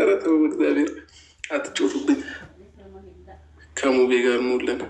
ኧረ ተው እግዚአብሔር አትጮቱብኝ። ከሙቤ ጋር ሙለን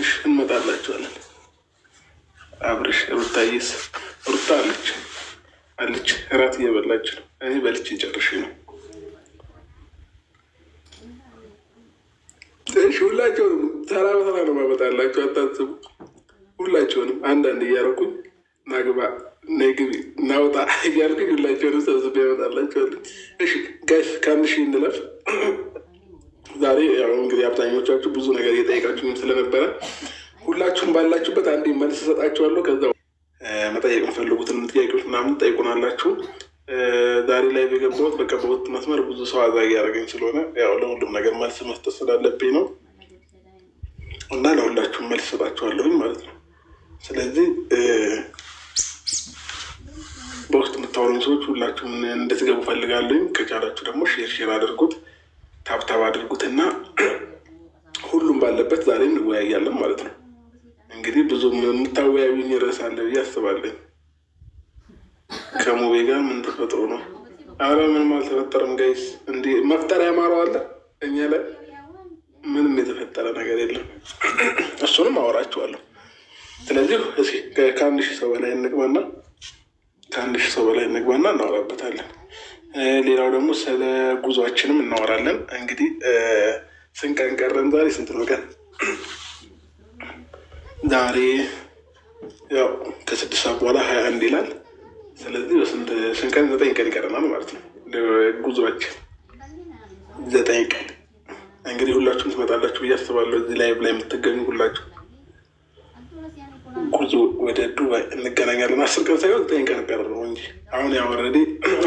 እሺ፣ እንመጣላችኋለን። አብርሽ ሩታዬስ ሩታ አለች አለች እራት እየበላች ነው። እኔ በልቼ ጨርሼ ነው። እሺ ሁላቸውንም ተራ በተራ ነው ማመጣላቸው። አታስቡ። ሁላቸውንም አንዳንድ እያረኩኝ ናግባ ነግቢ ናውጣ እያልኩ ሁላቸውን ሰብስቤ ያወጣላቸዋለሁ። እሺ ጋሽ ከአንድ ሺህ እንለፍ። ዛሬ ያው እንግዲህ አብዛኞቻችሁ ብዙ ነገር እየጠየቃችሁም ስለነበረ ሁላችሁም ባላችሁበት አንድ መልስ እሰጣችኋለሁ። ከዛ መጠየቅ የምፈልጉትን ጥያቄዎች ምናምን ጠይቁናላችሁ። ዛሬ ላይ የገባሁት በቃ በወጥ መስመር ብዙ ሰው አዛጊ ያደረገኝ ስለሆነ ያው ለሁሉም ነገር መልስ መስጠት ስላለብኝ ነው እና ለሁላችሁም መልስ እሰጣችኋለሁኝ ማለት ነው። ስለዚህ በውስጥ የምታወሩኝ ሰዎች ሁላችሁም እንድትገቡ ፈልጋለኝ። ከቻላችሁ ደግሞ ሼር ሼር አድርጉት፣ ታብታብ አድርጉት እና ሁሉም ባለበት ዛሬ እንወያያለን ማለት ነው። እንግዲህ ብዙ የምታወያዩኝ ርዕስ አለ ብዬ አስባለኝ። ከሙቤ ጋር ምን ተፈጥሮ ነው? አረ ምንም አልተፈጠረም ጋይስ። እንዲ መፍጠር ያማረው አለ እኛ ላይ ምንም የተፈጠረ ነገር የለም። እሱንም አወራችኋለሁ። ስለዚህ ከአንድ ሺህ ሰው በላይ እንቅመና ከአንድ ሺህ ሰው በላይ እንግባና እናወራበታለን። ሌላው ደግሞ ስለ ጉዟችንም እናወራለን። እንግዲህ ስንት ቀን ቀረን? ዛሬ ስንት ነው ቀን? ዛሬ ያው ከስድስት ሰዓት በኋላ ሀያ አንድ ይላል። ስለዚህ ስንት ቀን? ዘጠኝ ቀን ይቀረናል ማለት ነው ጉዟችን ዘጠኝ ቀን። እንግዲህ ሁላችሁም ትመጣላችሁ ብዬ አስባለሁ። እዚህ ላይ ላይ የምትገኙ ሁላችሁ እንገናኛለን። አስር ቀን ሳይሆን ዘጠኝ ቀን ቀረ ነው እንጂ አሁን ያወረዴ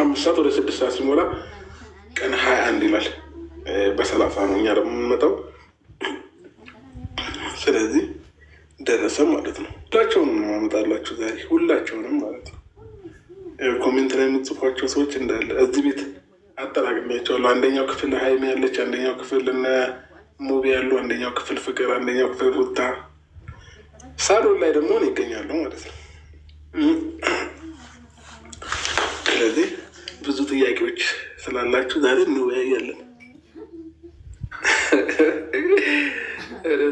አምስት ሰዓት ወደ ስድስት ሰዓት ሲሞላ ቀን ሀያ አንድ ይላል። በሰላሳ ነው እኛ ደግሞ የምንመጣው። ስለዚህ ደረሰ ማለት ነው። ሁላቸውን ነው ማመጣላችሁ ዛሬ ሁላቸውንም ማለት ነው። ኮሜንት ላይ የምጽፏቸው ሰዎች እንዳለ እዚህ ቤት አጠራቅሚያቸዋለሁ። አንደኛው ክፍል ሀይሚ ያለች፣ አንደኛው ክፍል እነ ሙቢ ያሉ፣ አንደኛው ክፍል ፍቅር፣ አንደኛው ክፍል ቡታ ሳሎን ላይ ደግሞ እኔ ይገኛሉ ማለት ነው። ስለዚህ ብዙ ጥያቄዎች ስላላችሁ ዛሬ እንወያያለን።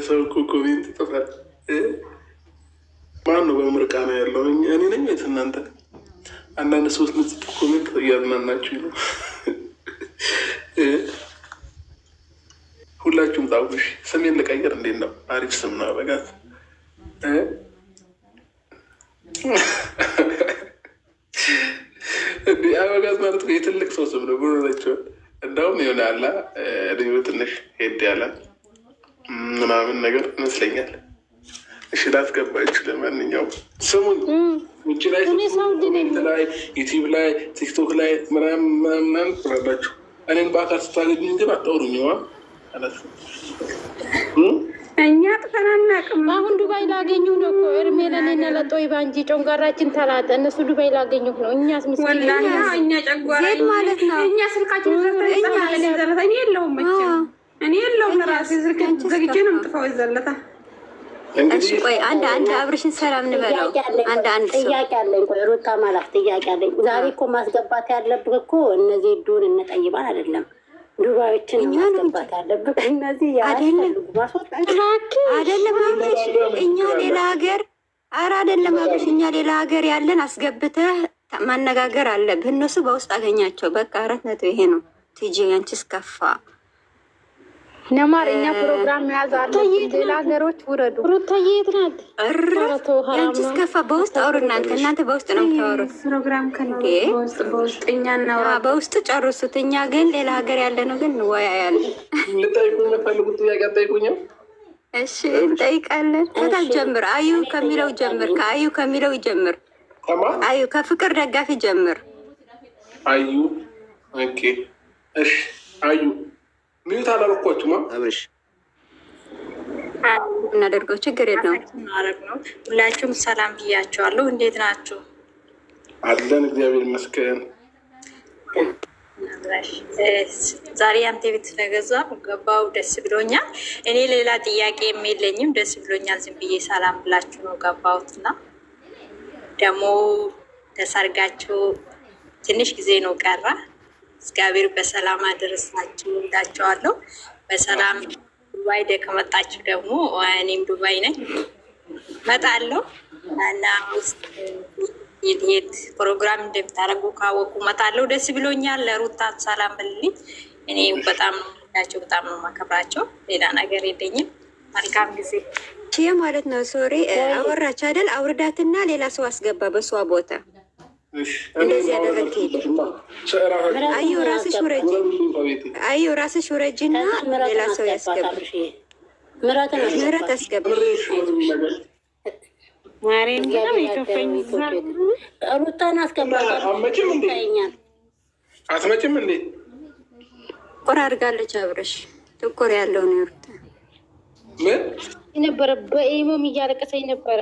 ሰው እኮ ኮሜንት ይጽፋል። ማን ነው በምርቃ ነው ያለው? እኔ ነኝ ወይስ እናንተ? አንዳንድ ሶስት ምጽፍ ኮሜንት እያዝናናችሁ ነው። ሁላችሁም ጻፉሽ። ስሜን ልቀይር እንዴት ነው? አሪፍ ስም ነው። በጋት እንዲ አበጋዝ ማለት የትልቅ ሰው ስም ነው። ናቸው። እንዳውም የሆነ አላ ልዩ ትንሽ ሄድ ያላል ምናምን ነገር ይመስለኛል። እሺ ላትገባችሁ። ለማንኛውም ስሙን ውጭ ላይ ላይ ዩቲዩብ ላይ ቲክቶክ ላይ ምናምን ምናምን ትላላችሁ። እኔን በአካል ስታገኙ ግን ዋ አላት እኛ ጥፈን አሁን ዱባይ ላገኙ ነው እኮ እድሜ ለእኔና ለጦይባ ጮንጋራችን ተላጠ። እነሱ ዱባይ ላገኙ ነው። እኛ ጨጓራ ማለት እኔ ነው ዘለታ ጥያቄ አለኝ። ጥያቄ አለኝ። ዛሬ እኮ ማስገባት ያለብህ እኮ እነዚህ ዱን እንጠይባል አይደለም ዱባዮችን አለብን። አይደለም እኛ ሌላ ሀገር አረ አይደለም አብሽ እኛ ሌላ ሀገር ያለን አስገብተህ ማነጋገር አለብህ። እነሱ በውስጥ አገኛቸው። በቃ አረት ነቱ ይሄ ነው። ትጂ ያንቺስ ከፋ ነማር እኛ ፕሮግራም መያዝ አለ። ሌላ ሀገሮች ውረዱ። ሩታዬ የት ናት? ያንቺስ ከፋ። በውስጥ አውሩ እናንተ እናንተ በውስጥ ነው የምታወሩት። ፕሮግራም በውስጥ ጨርሱት። እኛ ግን ሌላ ሀገር ያለ ነው ግን እንወያያለን። እሺ እንጠይቃለን። ከታች ጀምር። አዩ ከሚለው ጀምር። ከአዩ ከሚለው ይጀምር። አዩ ከፍቅር ደጋፊ ጀምር። አዩ ኦኬ። እሺ አዩ ሚዩት አላልኳችሁማ። አብርሽ እናደርገው ችግር የለውም ማድረግ ነው። ሁላችሁም ሰላም ብያቸዋለሁ። እንዴት ናችሁ? አለን እግዚአብሔር ይመስገን። ዛሬ አንተ ቤት ስለገዛ ገባው ደስ ብሎኛል። እኔ ሌላ ጥያቄ የለኝም፣ ደስ ብሎኛል። ዝም ብዬ ሰላም ብላችሁ ነው ገባሁትና ደግሞ ተሰርጋችሁ ትንሽ ጊዜ ነው ቀራ እግዚአብሔር በሰላም አደረሳችሁ እንዳቸዋለሁ። በሰላም ዱባይ ከመጣችሁ ደግሞ እኔም ዱባይ ነኝ መጣለሁ እና ውስጥ የት ፕሮግራም እንደምታደርጉ ካወቁ መጣለሁ። ደስ ብሎኛል። ለሩታ ሰላም ብልልኝ። እኔ በጣም ነው በጣም ነው ማከብራቸው። ሌላ ነገር የለኝም። መልካም ጊዜ ማለት ነው። ሶሪ አወራች አይደል? አውርዳትና ሌላ ሰው አስገባ በሷ ቦታ አየሁ ራስሽ ውረጅና ሌላ ሰው ያስገብር። ምህረት አስገብር። ሩታን አስገባኛል። አትመጭም እንዴ? ቆር አድርጋለች። አብረሽ ጥቁር ያለውን ሩታ ነበረ በኢሞም እያለቀሰኝ ነበረ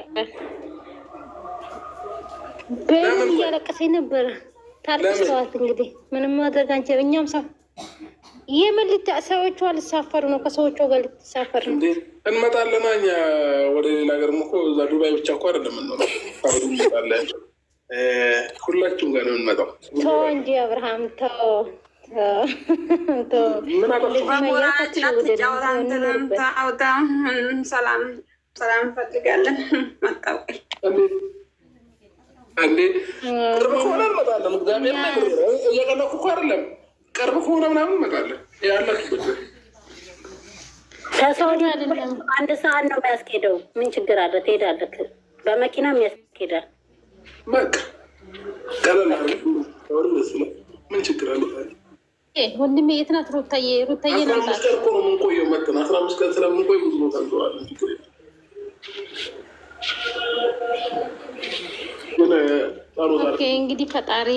በምን እያለቀሰኝ ነበረ። ታልቅሰዋት እንግዲህ ምንም ማድረግ አንችልም። እኛም ሰው የምን ሰዎቿ ልትሳፈሩ ነው፣ ከሰዎቿ ጋር ልትሳፈር ነው። እንመጣለና እኛ ወደ ሌላ ሀገር እኮ እዛ ዱባይ ብቻ እኮ አይደለም እንመጣው፣ ሁላችሁም ጋር ነው የምንመጣው። ተው እንጂ አብርሃም ተው ሰላም ሰላም እንፈልጋለን። መታወቂያ እንዴ ቅርብ ከሆነ እንመጣለን። እግዚአብሔር እየቀለኩ እኮ አይደለም። ቅርብ ከሆነ ምናምን እንመጣለን። ያለ ከሰው አንድ ሰዓት ነው የሚያስኬደው። ምን ችግር አለ? ትሄዳለህ። በመኪና ያስኬዳል። በቃ ምን ችግር አለ? ወንድሜ የት ናት ሩታዬ? ሩታዬ ነው የምንቆየው። አስራ አምስት ቀን ስለምንቆይ ብዙ ቦታ ኦኬ እንግዲህ ፈጣሪ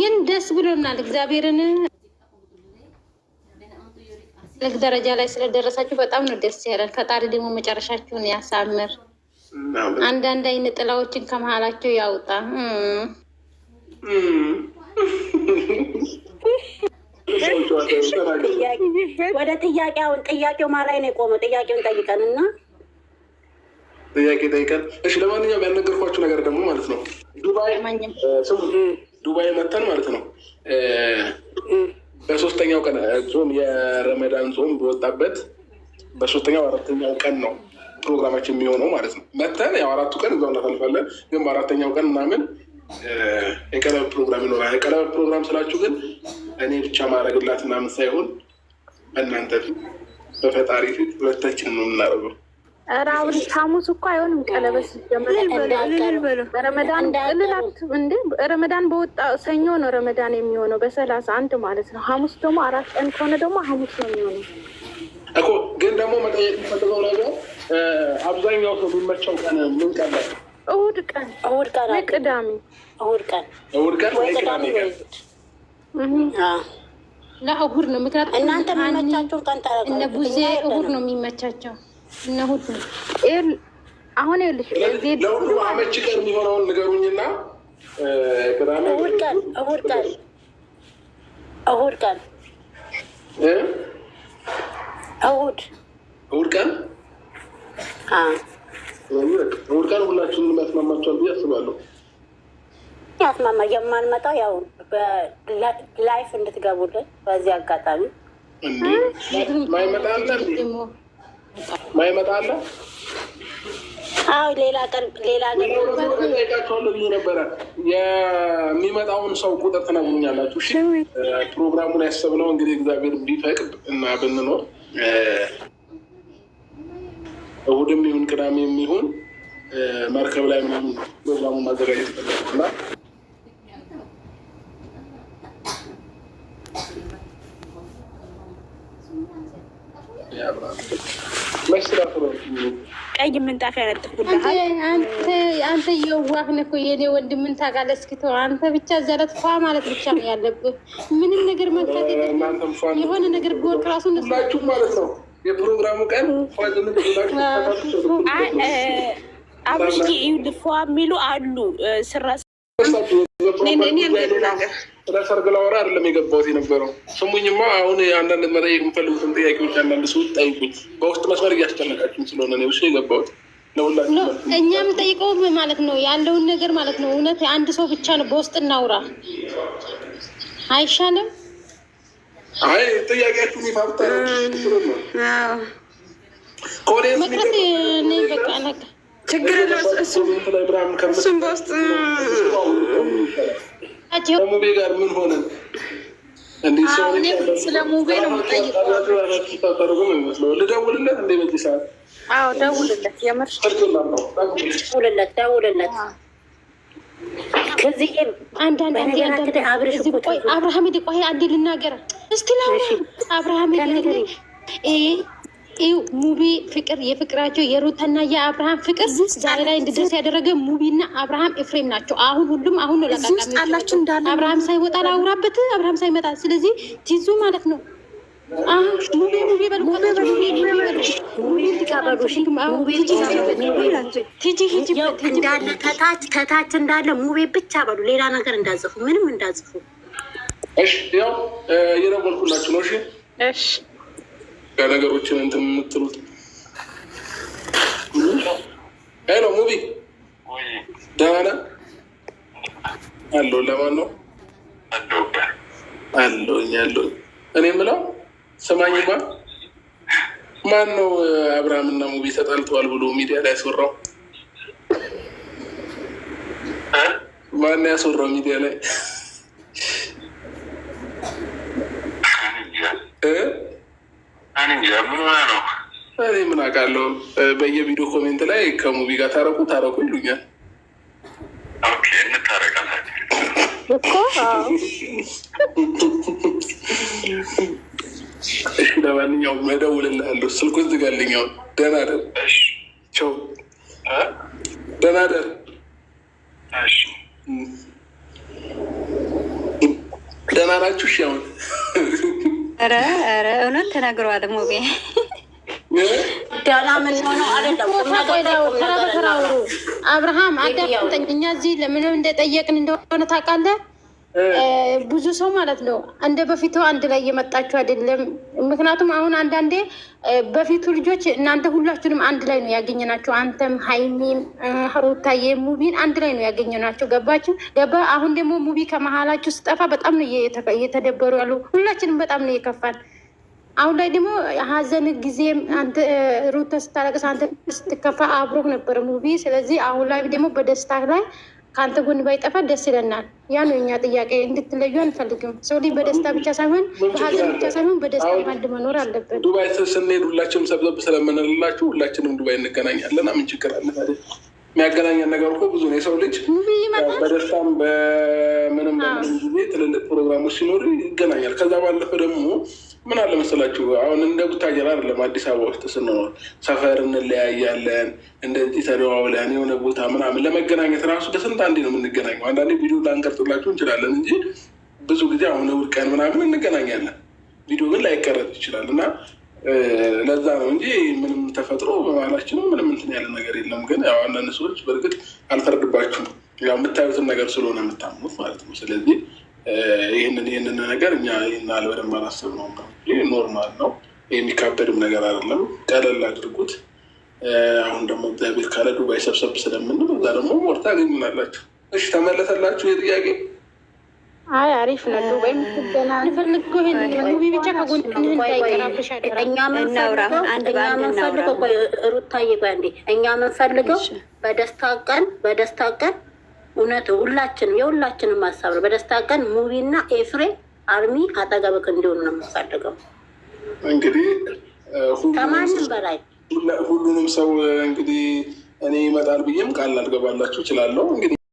ግን ደስ ብሎናል። እግዚአብሔርን ልክ ደረጃ ላይ ስለደረሳችሁ በጣም ነው ደስ ያለን። ፈጣሪ ደግሞ መጨረሻችሁን ያሳምር። አንዳንድ አይነት ጥላዎችን ከመሀላቸው ያውጣ። ወደ ጥያቄ አሁን ጥያቄው ማላይ ነው የቆመው። ጥያቄውን ጠይቀን እና ጥያቄ ጠይቀን እሺ። ለማንኛውም ያልነገርኳችሁ ነገር ደግሞ ማለት ነው ዱባይ ዱባይ መተን ማለት ነው በሶስተኛው ቀን ጾም የረመዳን ጾም በወጣበት በሶስተኛው አራተኛው ቀን ነው ፕሮግራማችን የሚሆነው ማለት ነው። መተን ያው አራቱ ቀን እዛው እናሳልፋለን፣ ግን በአራተኛው ቀን ምናምን የቀለበት ፕሮግራም ይኖራል። የቀለበት ፕሮግራም ስላችሁ ግን እኔ ብቻ ማድረግላት ምናምን ሳይሆን በእናንተ ፊት በፈጣሪ ፊት ሁለታችን ነው የምናደርገው። ኧረ አሁን ሐሙስ እኮ አይሆንም። ቀለበት ረመዳን በወጣ ሰኞ ነው ረመዳን የሚሆነው በሰላሳ አንድ ማለት ነው። ሐሙስ ደግሞ አራት ቀን ከሆነ ደግሞ ሐሙስ ነው የሚሆነው እኮ። ግን ደግሞ መጠየቅ የምፈልገው ነገር አብዛኛው ሰው የሚመቸው ቀን ምን ቀን ነው? እሑድ ቀን እሁድ ቀን ወይ ቅዳሜ እሑድ ቀን እሑድ ቀን ወይ ቅዳሜ ለእሑድ ነው። ምክንያቱም እናንተ የሚመቻቸው ቀን እነ ቡዜ እሁድ ነው የሚመቻቸው እና ሁሉም አሁን ይኸውልሽ ለሁሉ አመቺ ቀን የሚሆነውን ንገሩኝና እሑድ ቀን እሑድ ቀን እሑድ ቀን እሑድ እሑድ ቀን እሑድ ቀን ሁላችሁንም ያስማማችኋል ብዬ አስባለሁ። ያስማማ የማንመጣው ያው ላይፍ እንድትገቡልን በዚህ አጋጣሚ ማይመጣ ማይመጣ አለ። አዎ ሌላ ቀን ሌላ ቀን ጠይቃቸዋለሁ ብዬ ነበረ። የሚመጣውን ሰው ቁጥር ትነግሩኛላችሁ። ፕሮግራሙን ያሰብነው እንግዲህ እግዚአብሔር ቢፈቅድ እና ብንኖር እሑድም ይሁን ቅዳሜ የሚሆን መርከብ ላይ ምናምን ፕሮግራሙን ማዘጋጀት እና Yeah, ቀይ ምንጣፍ ያነጥፉልሃል። አንተ የዋህን እኮ የኔ ወንድም ምን ታውቃለህ? እስኪ ተው አንተ ብቻ ዘረት ኳ ማለት ብቻ ነው ያለብህ። ምንም ነገር መንካት የሆነ ነገር ጎርክ ራሱ ማለት ነው። የፕሮግራሙ ቀን አብሽዬ ይኸውልህ ፏ የሚሉ አሉ ስራ ስለሰርግ ላወራ አይደለም የገባሁት የነበረው። ስሙኝማ አሁን አንዳንድ መጠየቅ የምፈልጉትን ጥያቄዎች አንዳንድ ጠይቁኝ። በውስጥ መስመር እያስጨነቃችሁ ስለሆነ ነው እሱ የገባሁት። እኛ ማለት ነው ያለውን ነገር ማለት ነው። እውነት አንድ ሰው ብቻ ነው በውስጥ እናውራ አይሻልም? አይ ጥያቄያችሁን ይፋብታ መቅረት በቃ ችግር እሱም በውስጥ ሙቤ ጋር ምን ሆነ? ስለ ሙቤ ነው የምጠይቀው። ልደውልለት እንደ በዚህ ሰዓት? አዎ ደውልለት፣ የምር ደውልለት፣ ደውልለት። ከዚህ አንዳንድ አብረሽ ቆይ፣ አብርሃም ቆይ አንዴ ልናገር እስቲ ላ አብርሃም ሙቢ ፍቅር የፍቅራቸው የሩታና የአብርሃም ፍቅር ዛሬ ላይ እንድደርስ ያደረገ ሙቢና አብርሃም ኤፍሬም ናቸው። አሁን ሁሉም አሁን ነው እንዳለ አብርሃም ሳይወጣ ላውራበት አብርሃም ሳይመጣ ስለዚህ ቲዙ ማለት ነው። ሙቢ ሙቢ በሉ ከታች እንዳለ ሙቤ ብቻ በሉ። ሌላ ነገር እንዳጽፉ፣ ምንም እንዳጽፉ። እሺ ያው እየደወልኩላችሁ ነው። እሺ እሺ ያ ነገሮችን እንትን የምትሉት ነው ሙቢ ደህና አለው። ለማን ነው አለሁኝ? አለሁኝ። እኔ የምለው ስማኝ፣ ማን ነው አብርሃም እና ሙቢ ተጣልተዋል ብሎ ሚዲያ ላይ ያስወራው? ማን ያስወራው ሚዲያ ላይ እኔ ምን አውቃለሁ። በየቪዲዮ ኮሜንት ላይ ከሙቪ ጋር ታረቁ ታረቁ ይሉኛል እኮ። እሺ ለማንኛውም እደውልልሃለሁ። ስልኩ ዝጋልኛው። አሁን ደህና ደር ቸው ደህና ደር ደህና ናችሁ? እሺ አሁን ኧረ ኧረ እውነት ተናግረዋል። ሞቤ አብርሃም አዳምጠኝ። እኛ እዚህ ለምንም እንደጠየቅን እንደሆነ ታውቃለህ ብዙ ሰው ማለት ነው እንደ በፊቱ አንድ ላይ እየመጣችሁ አይደለም። ምክንያቱም አሁን አንዳንዴ በፊቱ ልጆች እናንተ ሁላችንም አንድ ላይ ነው ያገኘናቸው። አንተም ሀይሚም፣ ሩታዬ፣ ሙቢን አንድ ላይ ነው ያገኘናቸው። ገባችሁ ገባ። አሁን ደግሞ ሙቢ ከመሀላችሁ ስጠፋ በጣም ነው እየተደበሩ ያሉ። ሁላችንም በጣም ነው የከፋል አሁን ላይ ደግሞ ሀዘን ጊዜም አንተ ሩታ ስታለቅስ፣ አንተ ስትከፋ አብሮ ነበር ሙቢ። ስለዚህ አሁን ላይ ደግሞ በደስታ ላይ ከአንተ ጎን ባይጠፋ ደስ ይለናል። ያ ነው እኛ ጥያቄ። እንድትለዩ አንፈልግም። ሰው ልጅ በደስታ ብቻ ሳይሆን በሀዘን ብቻ ሳይሆን በደስታ አንድ መኖር አለበት። ዱባይ ስንሄድ ሁላችንም ሰብሰብ ስለምንልላችሁ ሁላችንም ዱባይ እንገናኛለን። ምን ችግር አለ? የሚያገናኘን ነገር እኮ ብዙ ነው። የሰው ልጅ በደስታም በምንም ጊዜ ትልልቅ ፕሮግራሞች ሲኖሩ ይገናኛል። ከዛ ባለፈ ደግሞ ምን አለ መሰላችሁ አሁን እንደ ቡታጀራ አይደለም አዲስ አበባ ውስጥ ስንኖር ሰፈር እንለያያለን፣ እንደዚህ ተደዋውለን የሆነ ቦታ ምናምን ለመገናኘት ራሱ በስንት አንዴ ነው የምንገናኘው። አንዳንዴ ቪዲዮ ላንቀርጽላችሁ እንችላለን እንጂ ብዙ ጊዜ አሁን እሑድ ቀን ምናምን እንገናኛለን። ቪዲዮ ግን ላይቀረጥ ይችላል እና ለዛ ነው እንጂ ምንም ተፈጥሮ በባህላችንም ምንም እንትን ያለ ነገር የለም። ግን ያው አንዳንድ ሰዎች በእርግጥ አልፈርድባችሁም፣ ያው የምታዩትን ነገር ስለሆነ የምታምኑት ማለት ነው። ስለዚህ ይህንን ይህንን ነገር እኛ ይህን አልበደንብ አላሰብ ነው። ኖርማል ነው፣ የሚካበድም ነገር አይደለም። ቀለል አድርጉት። አሁን ደግሞ እግዚአብሔር ካለ ዱባይ ሰብሰብ ስለምንል እዛ ደግሞ ሞርታ አገኝናላችሁ። እሺ ተመለሰላችሁ የጥያቄ አይ አሪፍ ነው። ዱባይ ምትገና ንፈልግ ብቻ ከጎን ምንፈልገው እኛ ምንፈልገው ቆይ ሩታዬ፣ ቆይ አንዴ። እኛ ምንፈልገው በደስታ ቀን በደስታ ቀን እውነት ሁላችንም የሁላችንም ሀሳብ ነው። በደስታ ቀን ሙቪና ኤፍሬ አርሚ አጠገብክ እንዲሆኑ ነው የምንፈልገው። እንግዲህ ከማንም በላይ ሁሉንም ሰው እንግዲህ እኔ ይመጣል ብዬም ቃል አልገባላችሁ እችላለሁ እንግዲህ